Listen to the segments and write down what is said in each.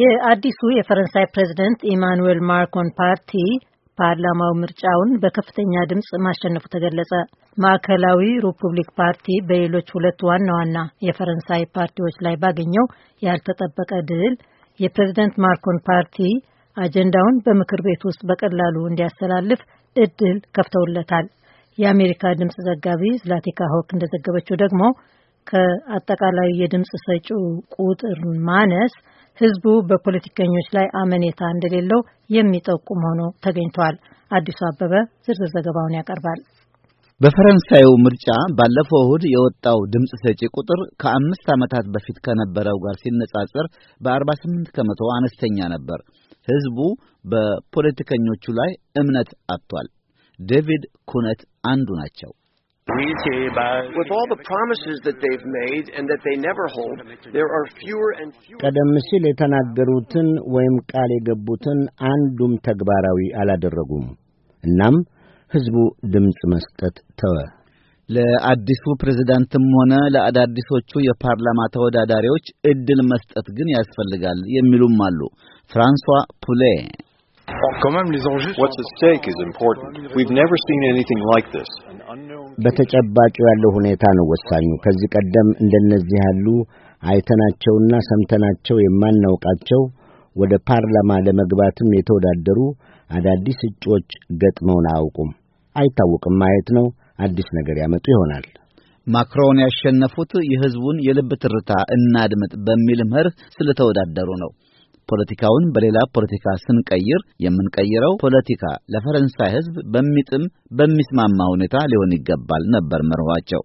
የአዲሱ የፈረንሳይ ፕሬዚደንት ኢማኑዌል ማክሮን ፓርቲ ፓርላማው ምርጫውን በከፍተኛ ድምፅ ማሸነፉ ተገለጸ። ማዕከላዊ ሪፑብሊክ ፓርቲ በሌሎች ሁለት ዋና ዋና የፈረንሳይ ፓርቲዎች ላይ ባገኘው ያልተጠበቀ ድል የፕሬዚደንት ማክሮን ፓርቲ አጀንዳውን በምክር ቤት ውስጥ በቀላሉ እንዲያስተላልፍ እድል ከፍተውለታል። የአሜሪካ ድምፅ ዘጋቢ ዝላቲካ ሆክ እንደዘገበችው ደግሞ ከአጠቃላዩ የድምፅ ሰጪው ቁጥር ማነስ ህዝቡ በፖለቲከኞች ላይ አመኔታ እንደሌለው የሚጠቁም ሆኖ ተገኝቷል። አዲሱ አበበ ዝርዝር ዘገባውን ያቀርባል። በፈረንሳዩ ምርጫ ባለፈው እሁድ የወጣው ድምፅ ሰጪ ቁጥር ከአምስት ዓመታት በፊት ከነበረው ጋር ሲነጻጸር በ48 ከመቶ አነስተኛ ነበር። ህዝቡ በፖለቲከኞቹ ላይ እምነት አጥቷል። ዴቪድ ኩነት አንዱ ናቸው። ቀደም ሲል የተናገሩትን ወይም ቃል የገቡትን አንዱም ተግባራዊ አላደረጉም። እናም ሕዝቡ ድምፅ መስጠት ተወ። ለአዲሱ ፕሬዝዳንትም ሆነ ለአዳዲሶቹ የፓርላማ ተወዳዳሪዎች እድል መስጠት ግን ያስፈልጋል የሚሉም አሉ። ፍራንሷ ፑሌ Quand même, les enjeux... What's at stake is important. We've never seen anything like this. በተጨባጩ ያለው ሁኔታ ነው ወሳኙ። ከዚህ ቀደም እንደነዚህ ያሉ አይተናቸውና ሰምተናቸው የማናውቃቸው ወደ ፓርላማ ለመግባትም የተወዳደሩ አዳዲስ እጩዎች ገጥመውን አያውቁም። አይታወቅም። ማየት ነው። አዲስ ነገር ያመጡ ይሆናል። ማክሮን ያሸነፉት የሕዝቡን የልብ ትርታ እናድምጥ በሚል መርህ ስለተወዳደሩ ነው። ፖለቲካውን በሌላ ፖለቲካ ስንቀይር የምንቀይረው ፖለቲካ ለፈረንሳይ ሕዝብ በሚጥም በሚስማማ ሁኔታ ሊሆን ይገባል ነበር መርኋቸው።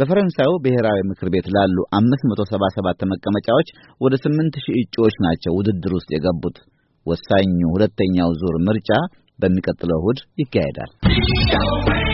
በፈረንሳዩ ብሔራዊ ምክር ቤት ላሉ 577 መቀመጫዎች ወደ 8000 እጩዎች ናቸው ውድድር ውስጥ የገቡት። ወሳኙ ሁለተኛው ዙር ምርጫ በሚቀጥለው እሁድ ይካሄዳል።